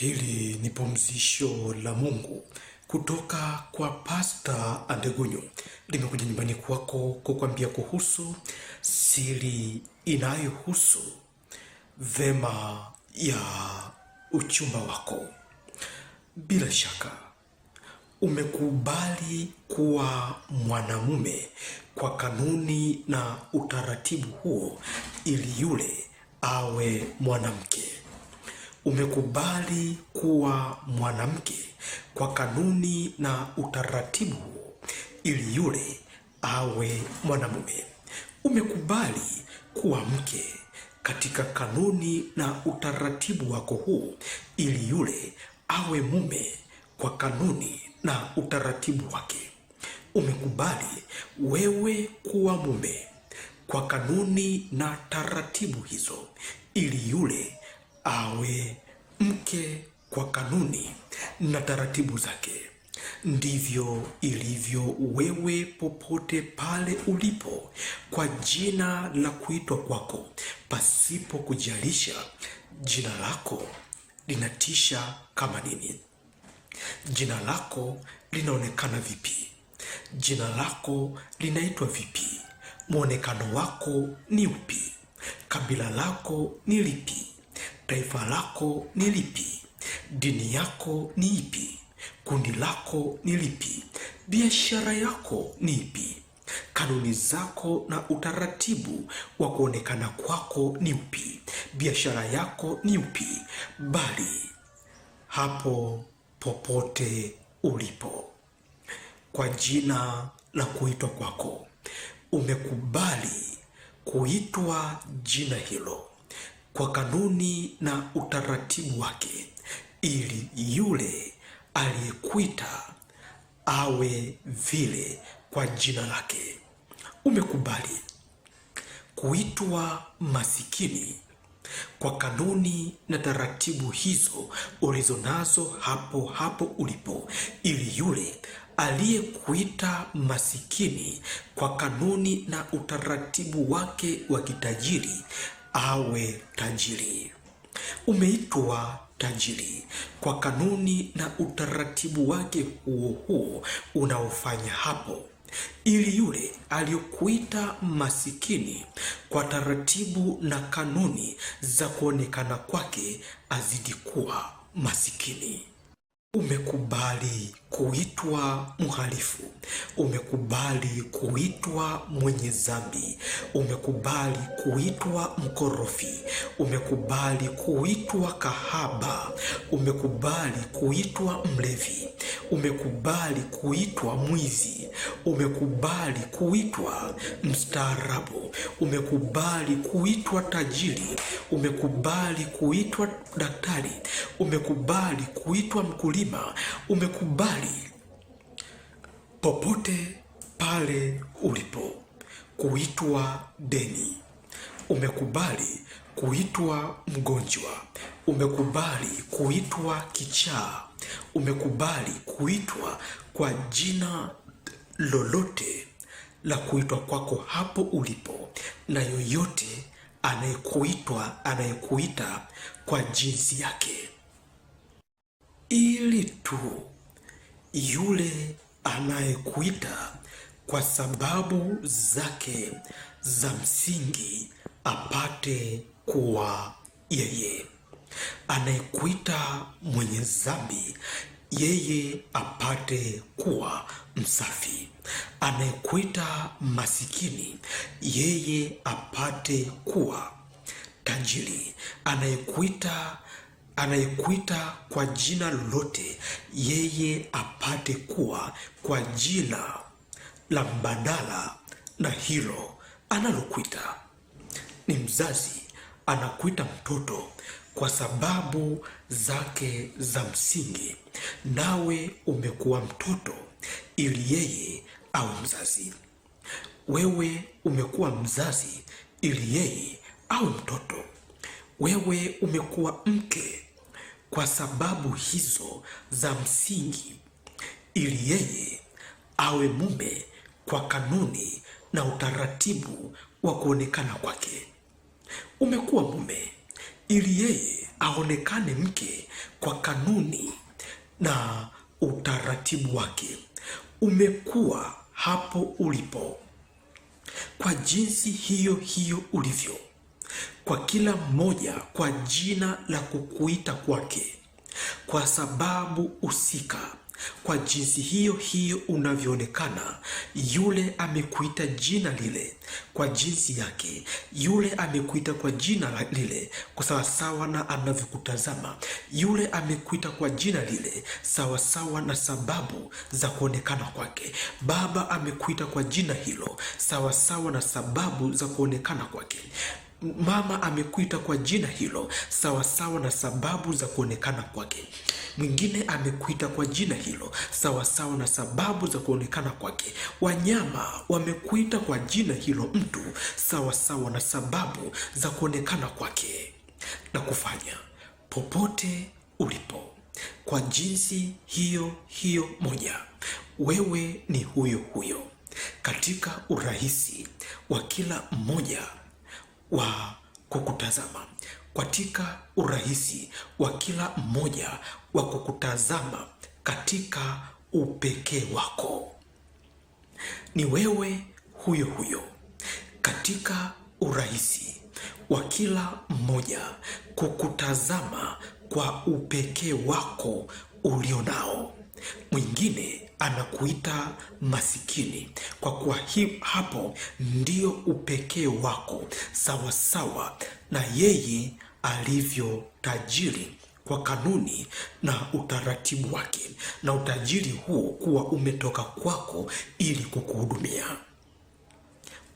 Hili ni pumzisho la Mungu kutoka kwa Pasta Andegunyu, limekuja nyumbani kwako kukwambia kuhusu siri inayohusu vema ya uchumba wako. Bila shaka umekubali kuwa mwanamume kwa kanuni na utaratibu huo, ili yule awe mwanamke umekubali kuwa mwanamke kwa kanuni na utaratibu ili yule awe mwanamume. Umekubali kuwa mke katika kanuni na utaratibu wako huu ili yule awe mume kwa kanuni na utaratibu wake. Umekubali wewe kuwa mume kwa kanuni na taratibu hizo ili yule awe mke kwa kanuni na taratibu zake. Ndivyo ilivyo wewe popote pale ulipo, kwa jina la kuitwa kwako, pasipo kujalisha jina lako linatisha kama nini, jina lako linaonekana vipi, jina lako linaitwa vipi, mwonekano wako ni upi, kabila lako ni lipi Taifa lako ni lipi? Dini yako ni ipi? Kundi lako ni lipi? Biashara yako ni ipi? Kanuni zako na utaratibu wa kuonekana kwako ni upi? Biashara yako ni upi? Bali hapo popote ulipo, kwa jina la kuitwa kwako, umekubali kuitwa jina hilo kwa kanuni na utaratibu wake, ili yule aliyekuita awe vile kwa jina lake. Umekubali kuitwa masikini kwa kanuni na taratibu hizo ulizonazo hapo hapo ulipo, ili yule aliyekuita masikini kwa kanuni na utaratibu wake wa kitajiri awe tajiri. Umeitwa tajiri kwa kanuni na utaratibu wake huo huo unaofanya hapo, ili yule aliyokuita masikini kwa taratibu na kanuni za kuonekana kwake azidi kuwa masikini. Umekubali kuitwa mhalifu, umekubali kuitwa mwenye dhambi, umekubali kuitwa mkorofi, umekubali kuitwa kahaba, umekubali kuitwa mlevi, umekubali kuitwa mwizi, umekubali kuitwa mstaarabu, umekubali kuitwa tajiri, umekubali kuitwa daktari, umekubali kuitwa mkulima mlima umekubali popote pale ulipo kuitwa deni, umekubali kuitwa mgonjwa, umekubali kuitwa kichaa, umekubali kuitwa kwa jina lolote la kuitwa kwako hapo ulipo, na yoyote anayekuitwa anayekuita kwa jinsi yake ili tu yule anayekuita kwa sababu zake za msingi apate kuwa yeye anayekuita mwenye dhambi yeye apate kuwa msafi, anayekuita masikini yeye apate kuwa tajiri, anayekuita anayekuita kwa jina lolote, yeye apate kuwa kwa jina la mbadala na hilo analokuita. Ni mzazi anakuita mtoto kwa sababu zake za msingi, nawe umekuwa mtoto ili yeye au mzazi. Wewe umekuwa mzazi ili yeye au mtoto. Wewe umekuwa mke kwa sababu hizo za msingi, ili yeye awe mume kwa kanuni na utaratibu wa kuonekana kwake. Umekuwa mume ili yeye aonekane mke kwa kanuni na utaratibu wake. Umekuwa hapo ulipo kwa jinsi hiyo hiyo ulivyo kwa kila mmoja kwa jina la kukuita kwake, kwa sababu husika kwa jinsi hiyo hiyo unavyoonekana, yule amekuita jina lile kwa jinsi yake, yule amekuita kwa jina lile kwa sawasawa na anavyokutazama, yule amekuita kwa jina lile sawasawa na sababu za kuonekana kwake. Baba amekuita kwa jina hilo sawasawa na sababu za kuonekana kwake mama amekuita kwa jina hilo sawa sawa na sababu za kuonekana kwake. Mwingine amekuita kwa jina hilo sawasawa sawa na sababu za kuonekana kwake. Wanyama wamekuita kwa jina hilo mtu sawasawa sawa na sababu za kuonekana kwake, na kufanya popote ulipo kwa jinsi hiyo hiyo moja, wewe ni huyo huyo katika urahisi wa kila mmoja wa kukutazama katika urahisi wa kila mmoja wa kukutazama katika upekee wako. Ni wewe huyo huyo katika urahisi wa kila mmoja kukutazama kwa upekee wako ulio nao. Mwingine anakuita masikini, kwa kuwa hapo ndio upekee wako, sawasawa sawa na yeye alivyo tajiri kwa kanuni na utaratibu wake, na utajiri huo kuwa umetoka kwako ili kukuhudumia.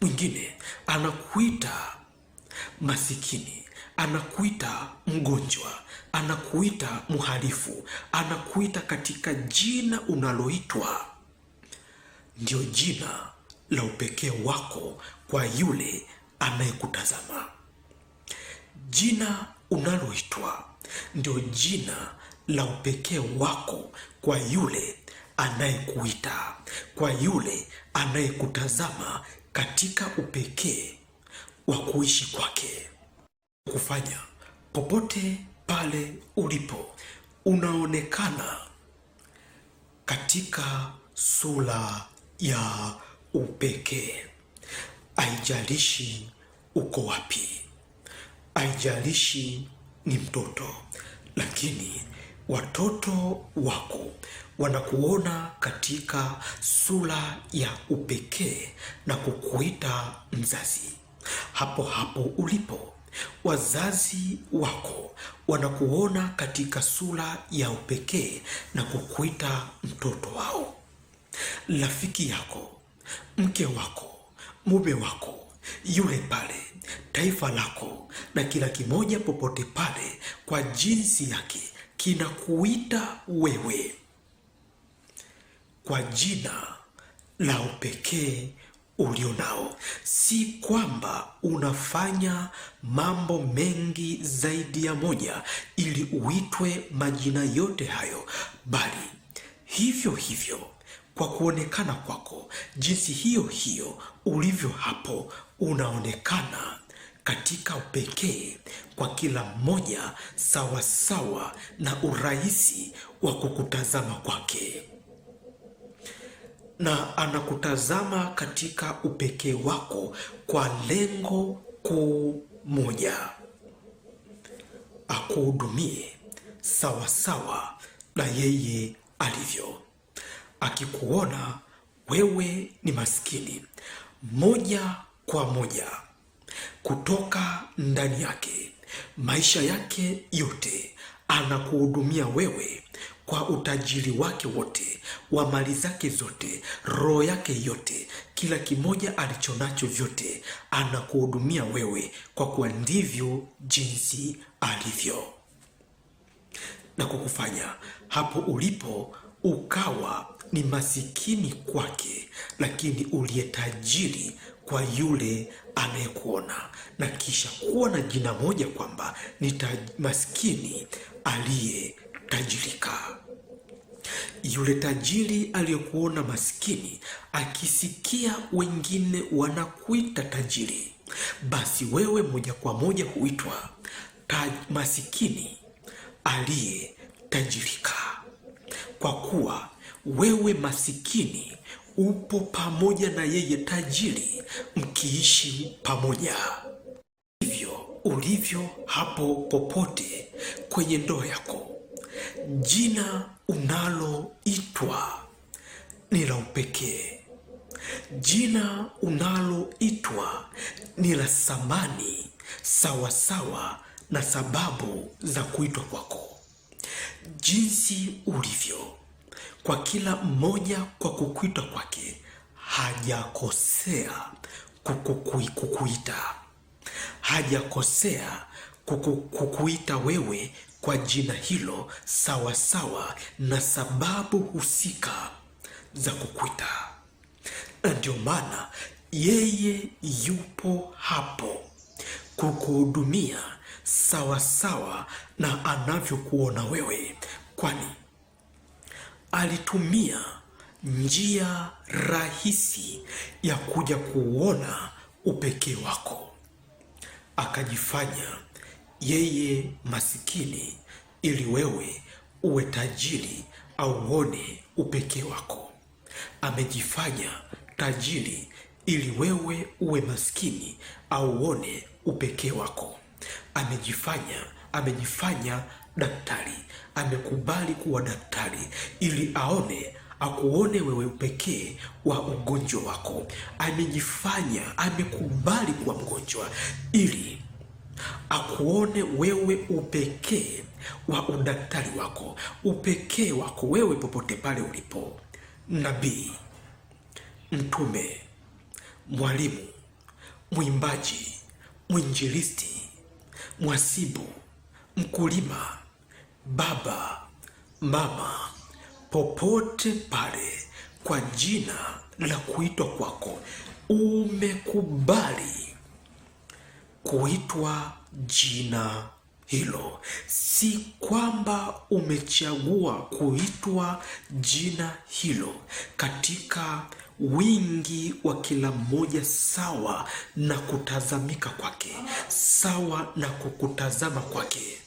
Mwingine anakuita masikini anakuita mgonjwa, anakuita mhalifu, anakuita katika jina unaloitwa. Ndio jina la upekee wako kwa yule anayekutazama. Jina unaloitwa ndio jina la upekee wako kwa yule anayekuita, kwa yule anayekutazama katika upekee wa kuishi kwake kufanya popote pale ulipo unaonekana katika sura ya upekee. Haijalishi uko wapi, haijalishi ni mtoto, lakini watoto wako wanakuona katika sura ya upekee na kukuita mzazi, hapo hapo ulipo Wazazi wako wanakuona katika sura ya upekee na kukuita mtoto wao. Rafiki yako, mke wako, mume wako, yule pale, taifa lako na kila kimoja popote pale kwa jinsi yake kinakuita wewe kwa jina la upekee ulio nao, si kwamba unafanya mambo mengi zaidi ya moja ili uitwe majina yote hayo, bali hivyo hivyo kwa kuonekana kwako, jinsi hiyo hiyo ulivyo hapo, unaonekana katika upekee kwa kila mmoja, sawasawa na urahisi wa kukutazama kwake na anakutazama katika upekee wako kwa lengo kuu moja, akuhudumie sawasawa na yeye alivyo, akikuona wewe ni maskini moja kwa moja kutoka ndani yake, maisha yake yote anakuhudumia wewe kwa utajiri wake wote wa mali zake zote, roho yake yote, kila kimoja alicho nacho vyote, anakuhudumia wewe, kwa kuwa ndivyo jinsi alivyo, na kwa kufanya hapo ulipo ukawa ni masikini kwake, lakini uliyetajiri kwa yule anayekuona, na kisha kuwa na jina moja kwamba ni masikini aliye tajirika. Yule tajiri aliyekuona maskini akisikia wengine wanakuita tajiri, basi wewe moja kwa moja huitwa taj masikini aliyetajirika, kwa kuwa wewe masikini upo pamoja na yeye tajiri, mkiishi pamoja. Hivyo ulivyo hapo popote kwenye ndoa yako Jina unaloitwa ni la upekee. Jina unaloitwa ni la thamani sawasawa na sababu za kuitwa kwako, jinsi ulivyo kwa kila mmoja. Kwa kukuita kwake hajakosea kukukui, kukuita hajakosea kukuita wewe kwa jina hilo sawasawa sawa na sababu husika za kukuita, na ndio maana yeye yupo hapo kukuhudumia sawasawa na anavyokuona wewe, kwani alitumia njia rahisi ya kuja kuuona upekee wako, akajifanya yeye masikini ili wewe uwe tajiri auone upekee wako. Amejifanya tajiri ili wewe uwe maskini auone upekee wako. Amejifanya amejifanya daktari, amekubali kuwa daktari ili aone akuone wewe upekee wa ugonjwa wako. Amejifanya amekubali kuwa mgonjwa ili akuone wewe upekee wa udaktari wako, upekee wako wewe, popote pale ulipo, nabii, mtume, mwalimu, mwimbaji, mwinjilisti, mwasibu, mkulima, baba, mama, popote pale, kwa jina la kuitwa kwako umekubali kuitwa jina hilo. Si kwamba umechagua kuitwa jina hilo katika wingi wa kila mmoja sawa na kutazamika kwake, sawa na kukutazama kwake,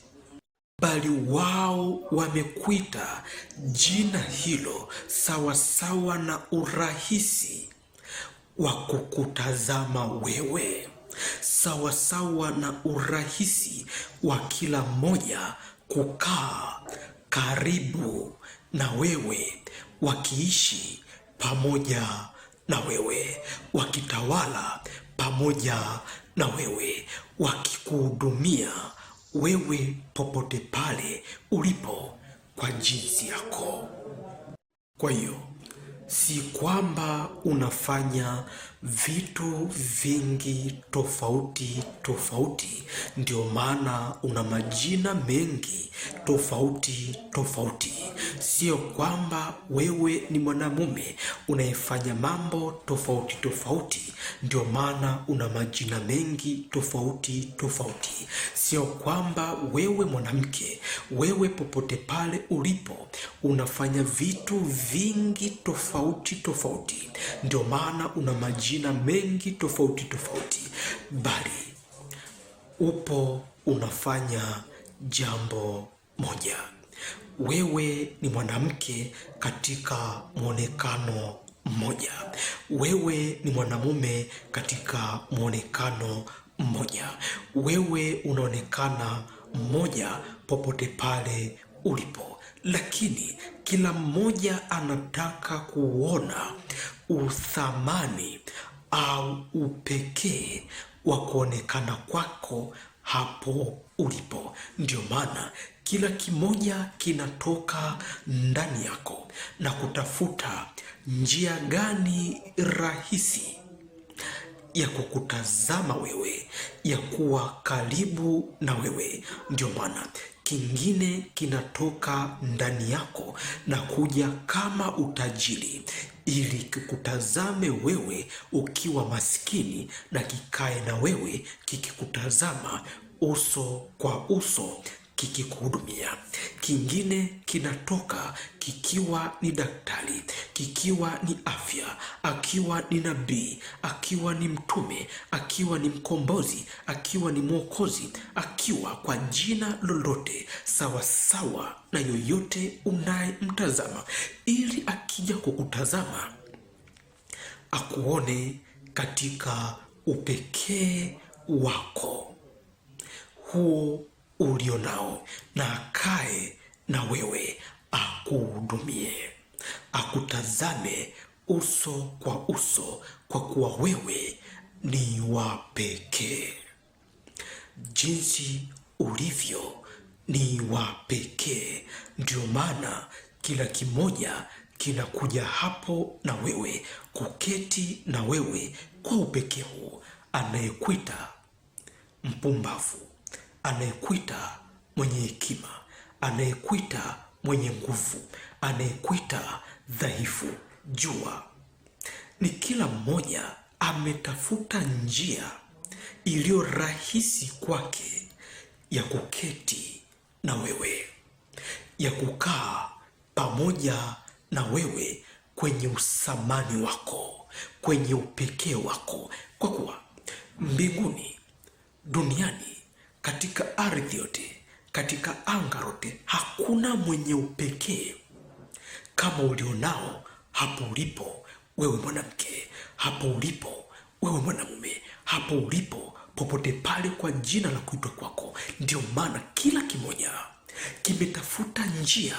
bali wao wamekwita jina hilo sawa sawa na urahisi wa kukutazama wewe sawasawa na urahisi wa kila mmoja kukaa karibu na wewe, wakiishi pamoja na wewe, wakitawala pamoja na wewe, wakikuhudumia wewe popote pale ulipo kwa jinsi yako. Kwa hiyo si kwamba unafanya vitu vingi tofauti tofauti, ndio maana una majina mengi tofauti tofauti. Sio kwamba wewe ni mwanamume unayefanya mambo tofauti tofauti, ndio maana una majina mengi tofauti tofauti. Sio kwamba wewe mwanamke, wewe popote pale ulipo unafanya vitu vingi tofauti tofauti, ndio maana una majina majina mengi tofauti tofauti, bali upo unafanya jambo moja. Wewe ni mwanamke katika mwonekano mmoja, wewe ni mwanamume katika mwonekano mmoja, wewe unaonekana mmoja popote pale ulipo lakini kila mmoja anataka kuona uthamani au upekee wa kuonekana kwako hapo ulipo. Ndio maana kila kimoja kinatoka ndani yako na kutafuta njia gani rahisi ya kukutazama wewe, ya kuwa karibu na wewe. Ndio maana kingine kinatoka ndani yako na kuja kama utajiri ili kikutazame wewe ukiwa maskini na kikae na wewe kikikutazama uso kwa uso kikikuhudumia, kingine kinatoka kikiwa ni daktari, kikiwa ni afya, akiwa ni nabii, akiwa ni mtume, akiwa ni mkombozi, akiwa ni mwokozi, akiwa kwa jina lolote sawasawa na yoyote unayemtazama, ili akija kukutazama akuone katika upekee wako huo ulio nao, na akae na wewe, akuhudumie, akutazame uso kwa uso, kwa kuwa wewe ni wa pekee. Jinsi ulivyo ni wa pekee, ndio maana kila kimoja kinakuja hapo na wewe kuketi na wewe kwa upekee huu, anayekuita mpumbavu anayekuita mwenye hekima, anayekuita mwenye nguvu, anayekuita dhaifu. Jua ni kila mmoja ametafuta njia iliyo rahisi kwake ya kuketi na wewe, ya kukaa pamoja na wewe kwenye usamani wako, kwenye upekee wako, kwa kuwa mbinguni, duniani katika ardhi yote, katika anga lote, hakuna mwenye upekee kama ulionao hapo ulipo wewe mwanamke, hapo ulipo wewe mwanamume, hapo ulipo popote pale, kwa jina la kuitwa kwako. Ndio maana kila kimoja kimetafuta njia,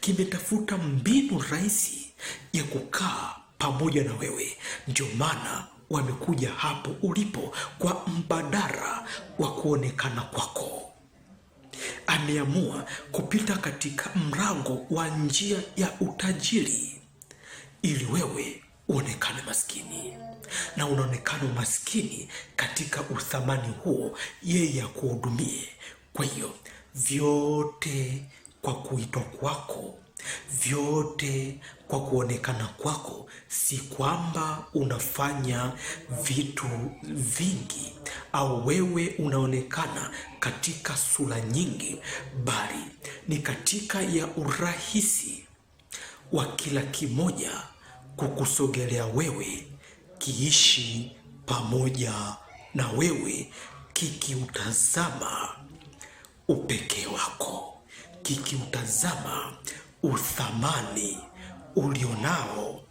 kimetafuta mbinu rahisi ya kukaa pamoja na wewe. Ndio maana wamekuja hapo ulipo kwa mbadara wa kuonekana kwako. Ameamua kupita katika mlango wa njia ya utajiri ili wewe uonekane maskini, na unaonekana umaskini katika uthamani huo, yeye akuhudumie. Kwa hiyo vyote kwa kuitwa kwako vyote kwa kuonekana kwako, si kwamba unafanya vitu vingi au wewe unaonekana katika sura nyingi, bali ni katika ya urahisi wa kila kimoja kukusogelea wewe, kiishi pamoja na wewe, kikiutazama upekee wako, kikiutazama uthamani ulionao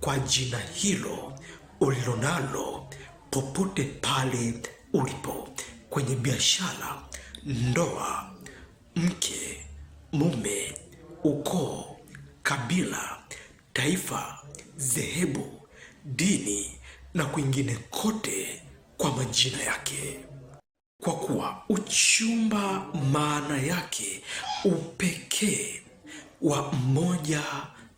kwa jina hilo ulilonalo popote pale ulipo, kwenye biashara, ndoa, mke, mume, ukoo, kabila, taifa, dhehebu, dini na kwingine kote kwa majina yake, kwa kuwa uchumba maana yake upekee wa mmoja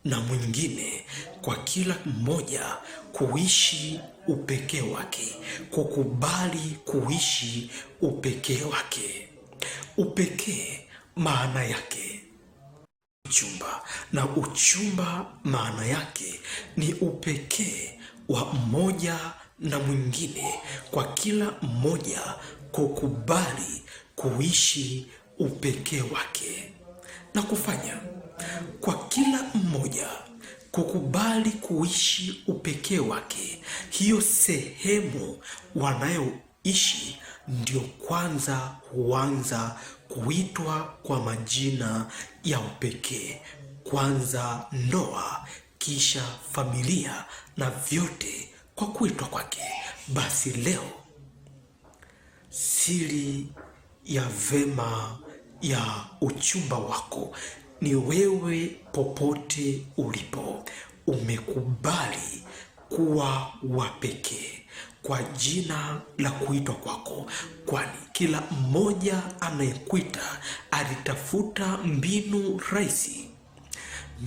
na mwingine, kwa kila mmoja kuishi upekee wake, kukubali kuishi upekee wake. Upekee maana yake uchumba, na uchumba maana yake ni upekee wa mmoja na mwingine, kwa kila mmoja kukubali kuishi upekee wake na kufanya kwa kila mmoja kukubali kuishi upekee wake. Hiyo sehemu wanayoishi ndio kwanza huanza kuitwa kwa majina ya upekee, kwanza ndoa, kisha familia na vyote kwa kuitwa kwake. Basi leo siri ya vema ya uchumba wako ni wewe popote ulipo umekubali kuwa wa pekee kwa jina la kuitwa kwako, kwani kila mmoja anayekuita alitafuta mbinu rahisi,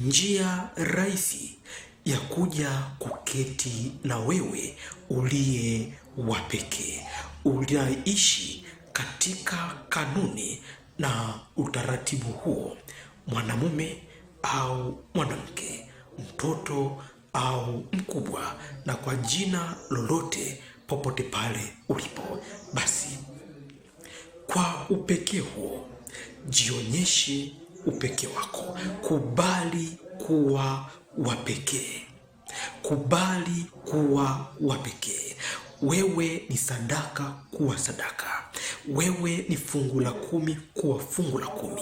njia rahisi ya kuja kuketi na wewe uliye wa pekee, unaishi katika kanuni na utaratibu huo mwanamume au mwanamke, mtoto au mkubwa, na kwa jina lolote popote pale ulipo, basi kwa upekee huo jionyeshe upekee wako. Kubali kuwa wa pekee, kubali kuwa wa pekee. Wewe ni sadaka, kuwa sadaka. Wewe ni fungu la kumi kuwa fungu la kumi.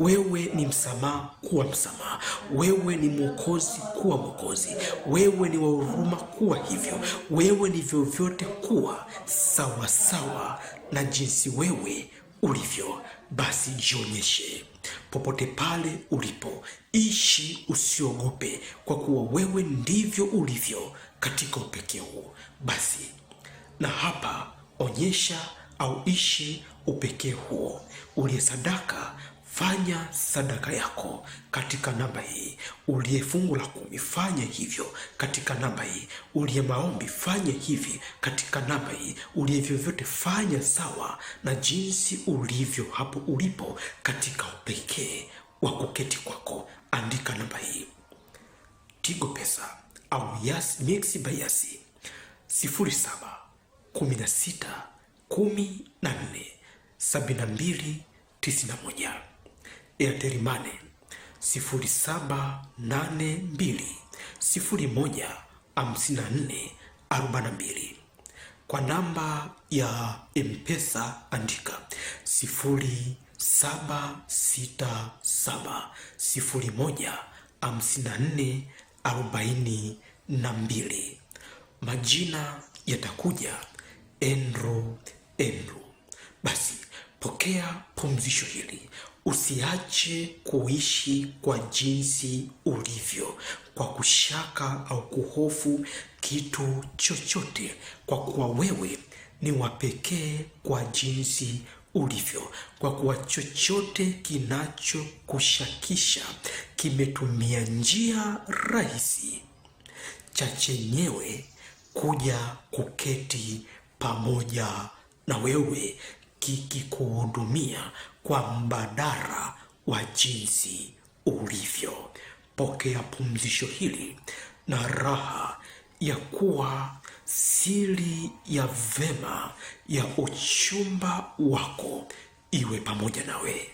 Wewe ni msamaha kuwa msamaha. Wewe ni mwokozi kuwa mwokozi. Wewe ni wauruma kuwa hivyo. Wewe ni vyovyote kuwa sawasawa sawa na jinsi wewe ulivyo. Basi jionyeshe popote pale ulipo, ishi, usiogope, kwa kuwa wewe ndivyo ulivyo katika upekee huu. Basi na hapa onyesha au ishi upekee huo. Uliye sadaka fanya sadaka yako katika namba hii. Uliye fungu la kumi fanya hivyo katika namba hii. Uliye maombi fanya hivi katika namba hii. Uliye vyovyote fanya sawa na jinsi ulivyo hapo ulipo katika upekee wa kuketi kwako. Andika namba hii. Tigo Pesa au yasi mixi bayasi sifuri saba kumi na sita kumi na nne sabini na mbili tisini na moja. Airtel Money sifuri saba nane mbili sifuri moja hamsini na nne arobaini na mbili. Kwa namba ya Mpesa andika sifuri saba sita saba sifuri moja hamsini na nne arobaini na mbili. Majina yatakuja Andrew Andrew, basi pokea pumzisho hili. Usiache kuishi kwa jinsi ulivyo, kwa kushaka au kuhofu kitu chochote, kwa kuwa wewe ni wa pekee kwa jinsi ulivyo, kwa kuwa chochote kinachokushakisha kimetumia njia rahisi cha chenyewe kuja kuketi pamoja na wewe kikikuhudumia kwa mbadara wa jinsi ulivyo. Pokea pumzisho hili na raha ya kuwa siri ya vema ya uchumba wako iwe pamoja nawe.